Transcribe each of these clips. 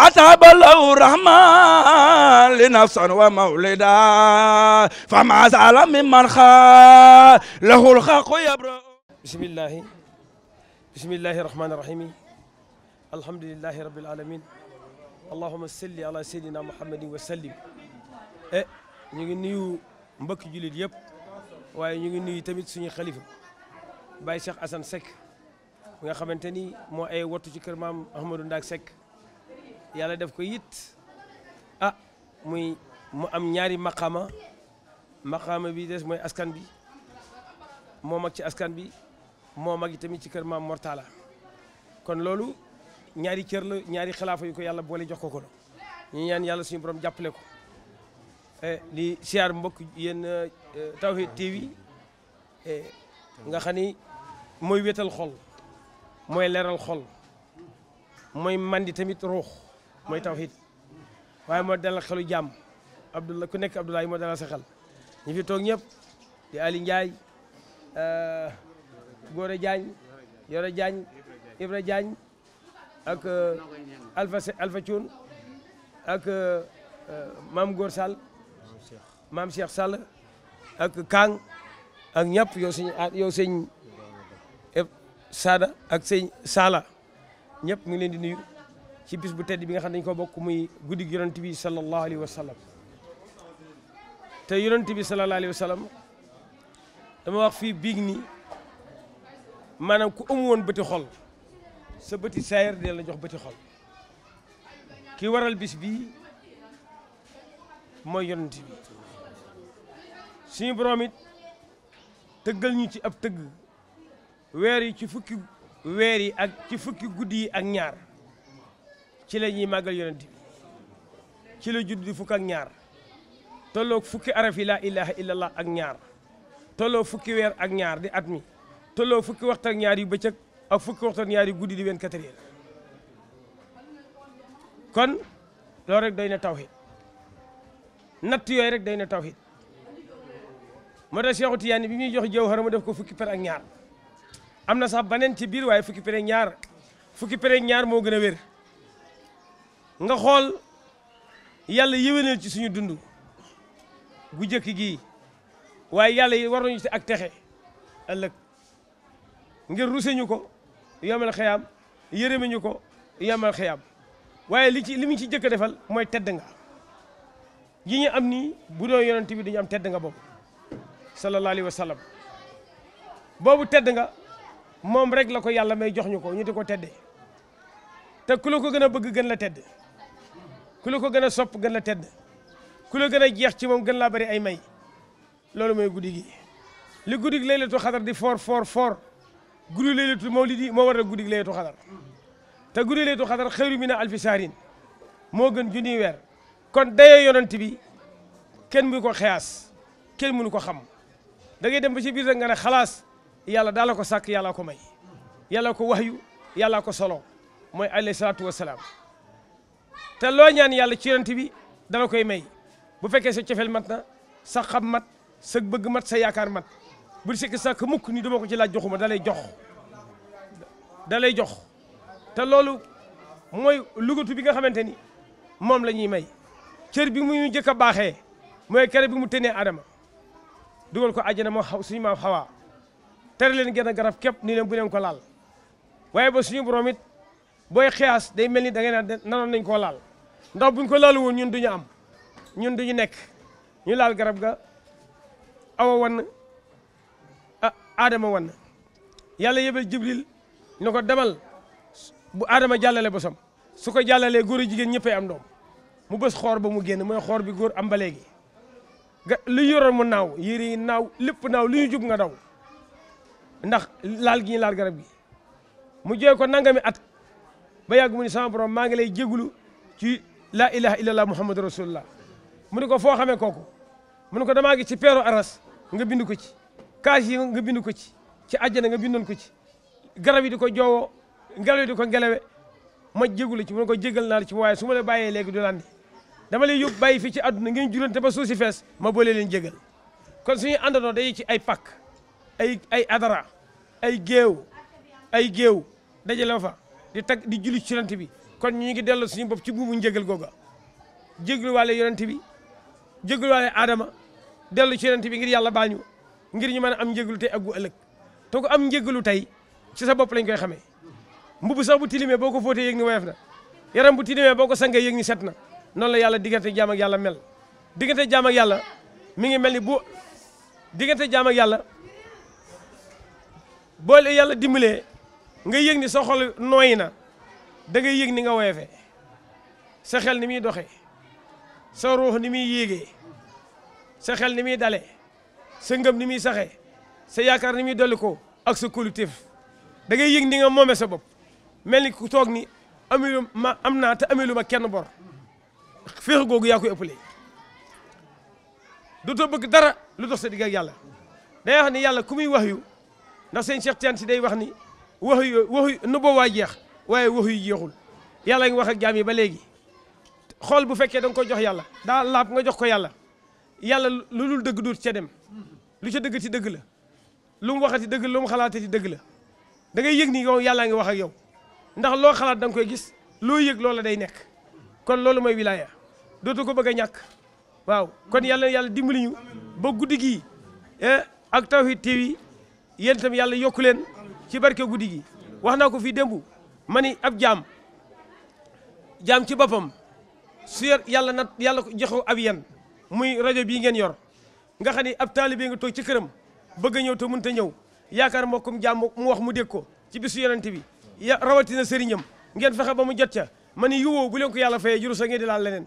أتاب له الرحمن لنفسا ومولدا فما زال ممن خا له الخلق يبرأ بسم الله بسم الله الرحمن الرحيم الحمد لله رب العالمين اللهم صل على سيدنا محمد وسلم eh ñu ngi nuyu mbokki jullit yëpp waaye ñu ngi nuyu tamit suñu xalifa Baye Cheikh Assane Seck nga xamante ni moo ay wattu ci kër maam Ahmadou Ndak Seck yàlla def ko yit a ah, muy mu am ñaari maqaama maqaama bi des mooy askan bi moo mag ci askan bi moo mag tamit ci kër maam Mortala kon loolu ñaari cër la ñaari xilaafa yu ko yàlla boole jox ko ko la ñu ñaan yàlla suñu borom jàppale ko e, di siyaar mbokk yéen e, Tawhid TV e, nga xam ni mooy wétal xol mooy leeral xol mooy mandi tamit ruux mooy tawhid waaye moo dalal xelu jàmm Abdoulaye ku nekk Abdoulaye moo dalal sa xel ñi fi toog ñëpp di Ali Ndiaye eh, Gora Diagne Yoro Diagne Ibra ak eh, Alpha Alpha Thioune ak eh, Mame Gor Sall maam Cheikh Sall ak Kang ak ñëpp yow sëñ ah, yow sëñ Sada ak sëñ Sala ñëpp mu ngi leen di nuyu ci bis bu tedd bi nga xam ne dañu ko bokk muy guddi yonent bi sallallahu alayhi wa sallam te yonent bi sallallahu alayhi wa dama wax fii biig ni maanaam ku amu woon bëti xol sa bëti saayir dee la jox ba bëti xol ki waral bis bi mooy yonent bi suñu borom it tëggal ñu ci ab tëgg weer yi ci fukki weer yi ak ci fukki guddi yi ak ñaar ci la ñuy màggal yonent bi ci la judd di fukk ak ñaar tolloog fukki araf yi laa ilaha illallah ak ñaar tolloo fukki weer ak ñaar di at mi fukki waxtu ak ñaar yu ak fukki guddi di 24 heures kon loolu rek doy na tawhid natt yooyu rek doy na tawhid moo tax Seexu Tijaan bi muy jox jawhar mu def ko fukki per ak ñaar am na sax beneen ci biir waaye fukki per ak ñaar fukki per ñaar moo gën a wér nga xool yàlla yéwénal ci suñu dund gu jëkk gi waaye yàlla yi warooñu ci ak texe ëllëg ngir ruseñu ko yomal xeyaam yërëmeñu ko yomal xeyaam waaye li ci li mu ci jëkk defal mooy tedd nga yi ñu am nii bu doon yonent bi dañu am tedd nga boobu sallallahu alayhi wa boobu tedd nga moom rek la ko yàlla may jox ñu ko ñu di ko tedde te ku la ko gën a bëgg gën la tedd ku la ko gën a sopp gën la tedd ku la gën a jeex ci moom gën laa bari ay may loolu mooy guddi gi li guddi gi laylatu xadar di foor foor foor guddi laylatu mawlidi moo waral guddi laylatu xadar te guddi laylatu xadar xayru mina alfi saarin moo gën junniy weer kon dayoo yonent bi kenn mënu ko xeyaas kenn mënu ko xam da dem ba ci biir rek nga ne xalaas yàlla daa la ko sàkk yàlla ko may yàlla ko waxyu yàlla ko solo mooy alayhi salaatu wa te loo ñaan yàlla ci bi dala koy may bu fekkee sa cofeel mat na sa xam mat sa bëgg mat sa yaakaar mat bul sikk sàkk mukk ni duma ko ci laaj joxuma dalay jox dalay jox te loolu mooy lugatu bi nga xamante ni moom la ñuy may cër bi mu ñu njëkk a baaxee mooy kere bi mu tënee Adama dugal ko àjjana moo xaw suñu maam xawaa tere leen genn garab képp ni leen bu leen ko laal waaye ba suñu borom booy xiyaas day mel ni da ngay naan nanoon nañ koo laal ndax buñ ko laal woon ñun duñu am ñun duñu nekk ñu laal garab ga awa wann aadama wann yàlla yebel jibril ne ko demal bu aadama jàllale bosam su ko jàllalee góor a jigéen ñëppay am doom mu bës xoor ba mu génn mooy xoor bi góor am ba léegi ga lu yoroon naaw yére yi naaw lépp naaw lu ñu jub nga daw ndax laal gi ñu laal garab gi mu jooy ko nangami at ba yàgg mu ni sama borom maa ngi lay jégulu ci laa ilaha illallah muhammadu rasulullah mu ne ko foo xamee kooku mu ne ko damaa ngi ci peeru aras nga bind ko ci kaas yi nga bind ko ci ci àjjana nga bindoon ko ci garab yi di ko joowoo ngelaw yi di ko ngelewe ma jégu la ci mu ne ko jégal naa la ci waaye su ma la bàyyee léegi du naan dama lay yóbbu bàyyi fii ci àdduna ngeen jurante ba suuf si fees ma boole leen jégal kon suñuy àndandoo day ci ay pàkk ay ay adara ay géew ay géew dajale fa di tag di julli ci yonent bi kon ñu ngi delloo suñu bopp ci buumu njëgal googa jégluwaale yonent bi jégluwaale aadama dellu ci yonent bi ngir yàlla baañu ngir ñu mën a am njéglu tey ak gu ëllëg te am njéglu tey ci sa bopp lañ koy xamee mbubu sax bu tilimee boo ko fóotee yëg ni woyof na yaram bu tilimee boo ko sangee yëg ni set na noonu la yàlla diggante jaam ak yàlla mel diggante jaam yàlla mi ngi mel ni bu diggante jaam yàlla boo yàlla dimbalee nga yëg ni sa xol dangay ngay ni nga woyofee sa xel ni muy doxe sa ruux ni muy yéegee sa xel ni muy dale sa ngëm ni muy saxee sa yaakaar ni muy dolli ko ak sa collectif da ngay yëg ni nga moome sa bopp mel ni ku toog ni amelu ma am naa te amelu ma kenn bor féex googu yaa koy du dootoo bëgg dara lu dox sa digg ak yàlla day ni yàlla ku muy wax yu ndax seen Cheikh Tidiane day wax ni wax yu wax yu jeex waaye wax yu jeexul yàlla ngi wax ak jaam yi ba léegi xool bu fekkee da nga ko jox yàlla daa laab nga jox ko yàlla yàlla lu dëgg duut ca dem lu ca dëgg ci dëgg la lu mu waxati dëgg la lu mu xalaatati dëgg la da ngay yëg ni yow yàlla ngi wax ak yow ndax loo xalaat danga koy gis loo yëg loola day nekk kon loolu mooy wilaya dootu ko bëgg a ñàkk waaw kon yàlla yàlla dimbali ñu ba guddi gi eh, ak Tawfekh TV yéen itam yàlla yokku leen ci barke guddi gi wax naa ko fii démb ma ni ab jaam jaam ci boppam su yàlla na yàlla ko joxu ab yan muy rajo bii ngeen yor nga xam ni ab taalibe nga toog ci këram bëgg a ñëw te mënut a ñëw yaakaar mbokkum jaam mu wax mu dégg ko ci bis yonent bi ya rawatina sëriñam ngeen fexe ba mu jot ca ma ni yuwoo bu leen ko yàlla fayee juru sa ngeen di laal leneen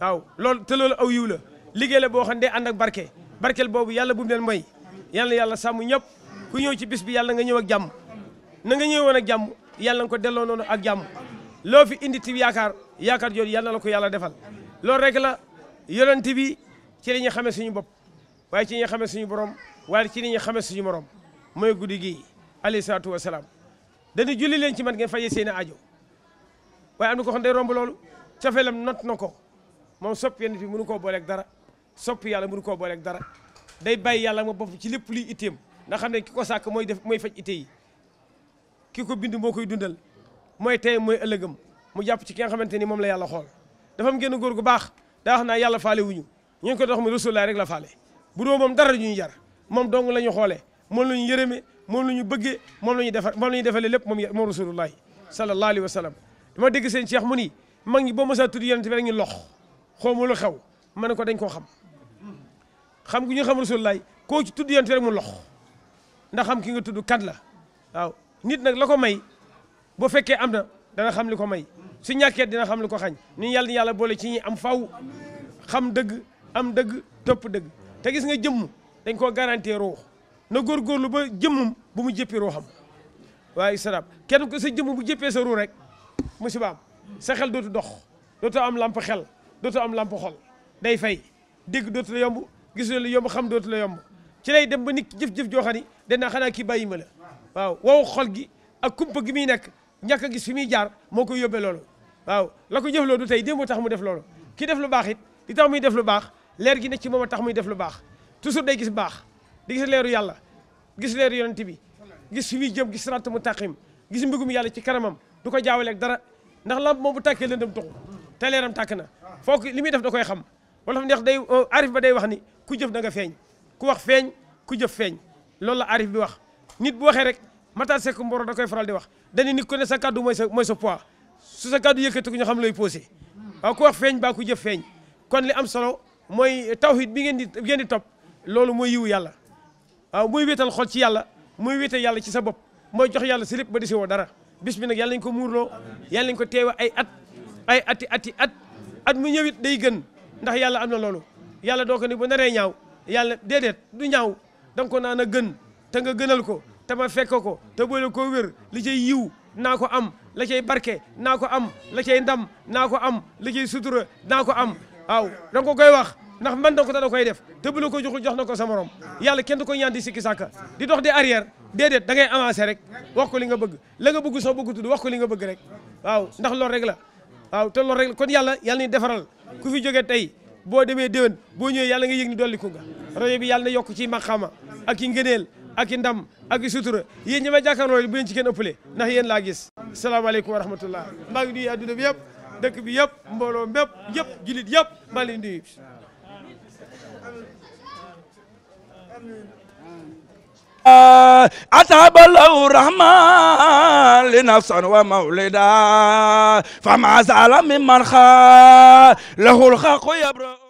waaw loolu te loolu aw yiw la liggéey la boo xam ne day ànd ak barke barkeel boobu yàlla bu mu may yàlla yàlla sàmm ñëpp ku ñëw ci bis bi yàlla nga ñëw ak jàmm yàlla na ko delloo noonu ak jàmm loo fi indi ti yaakaar yaakaar jooju yàlla na ko yàlla defal loolu rek la yonent bi ci li ñu xamee suñu bopp waaye ci li ñu xamee suñu borom waaye ci li ñu xamee suñu morom mooy guddi gi alayhi salaatu wa salaam julli leen ci man ngeen fajee seen aajo waaye am na ko xam day romb loolu cofeelam not na ko moom sopp yonent bi mënu koo booleeg dara sopp yàlla mënu koo booleeg dara day bay yàlla moo bopp ci lépp luy itteem ndax xam ne ki ko sàkk mooy def mooy faj itte yi ki ko bind moo koy dundal mooy tey mooy ëllëgam mu jàpp ci ki nga xamante ni moom la yàlla xool dafa am génn góor gu baax daa wax naa yàlla faale wuñu ñu ngi ko dox mu rasulaay rek la faale bu doo moom dara ñu jar moom dong la ñu xoolee moom la ñu yërëme moom la ñu bëggee moom la ñu defar moom la ñu defalee lépp moom moom rasulullahi sallallahu alayhi wa sallam dama dégg seen ceex mu ni mag ñi boo mësaa tudd yonente bi rek ñu lox xawma lu ma ne ko dañ koo xam xam gu ñu xam rasulullahi koo ci tudd yonente bi rek ndax xam ki nga tudd kan la waaw nit nag la ko may boo fekkee am na dana xam li ko may su ñàkkee dina xam li ko xañ ni yàlla yàlla boole ci ñi am faw xam dëgg am dëgg topp dëgg te gis nga jëmm dañ koo garantir ruux na góorgóorlu ba jëmmum bu mu jëppi ruuxam waaye salaam kenn ko sa jëmm bu jëppee sa ruux rek musibaam sa xel dootu dox dootu am lamp xel dootu am lamp xol day fay dégg dootu la yomb gis la yomb xam dootu la yomb ci lay dem ba nit jëf-jëf joo xam ni danaa xanaa kii bàyyi ma la waaw wow xol gi ak kumpa gi muy nekk ñàkk a gis fi muy jaar moo ko yóbbee loolu waaw la ko jëfloo du tey démb tax mu def loolu ki def lu baax it di tax muy def lu baax leer gi ne ci moom a tax muy def lu baax toujours day gis baax di gis leeru yàlla gis leeru yonent bi gis fi muy jëm gis mu mustaqim gis mbëggum yàlla ci kanamam du ko jaawale dara ndax lamp moom bu tàkkee lëndëm tuxu te leeram tàkk na foog li muy def da koy xam wala xam neex day euh, arif ba day wax ni ku jëf da nga feeñ ku wax feeñ ku jëf feeñ loolu la arif bi wax nit bu waxee rek Matar Seck Mboro da koy faral di wax dañu nit ko ne sa kaddu mooy sa mooy sa poids su sa kaddu yëkkati ko ñu xam looy posé waaw ku wax feeñ baa ku jëf feeñ kon li am solo mooy tawhid bi ngeen di ngeen di topp loolu mooy yiwu yàlla waaw muy wéetal xol ci yàlla muy wéetal yàlla ci sa bopp mooy jox yàlla si lépp ba desi woo dara bis bi nag yàlla nañ ko muurloo yàlla nañ ko teewe ay at ay ati ati at at mu ñëwit day gën ndax yàlla am na loolu yàlla doo ko ni bu naree ñaaw yàlla déedéet du ñaaw danga ko naan gën te nga gënal ko te ma fekk ko te boole koo wér li cay yiw naa ko am la cay barke naa ko am la cay ndam naa ko am la cay sutura naa ko am waaw da nga ko koy wax ndax man da ko te da koy def te bu la ko joxul jox na ko sa morom yàlla kenn du ko ñaan di sikki sàkka di dox di arrière déedéet da ngay avancé rek wax ko li nga bëgg la nga bëgg soo bëgg tudd wax ko li nga bëgg rek waaw ndax loolu rek la waaw te loolu rek la kon yàlla yàlla ni defaral ku fi jógee tey boo demee déwén boo ñëwee yàlla nga yëg ni dolliku nga rajo bi yàlla yokk ci maqaama ak ci ngëneel ak i ndam ak i sutura yéen ñi may bu leen ci kenn ëppale ndax yéen laa gis salaamaaleykum wa rahmatullah maa ngi nuyu adduna bi yëpp dëkk bi yëpp mbooloo mépp yëpp jullit yëpp maa ngi leen nuyu أتاب الله الرحمن لنفسا ومولدا فما زال ممن خا له الخلق يبرأ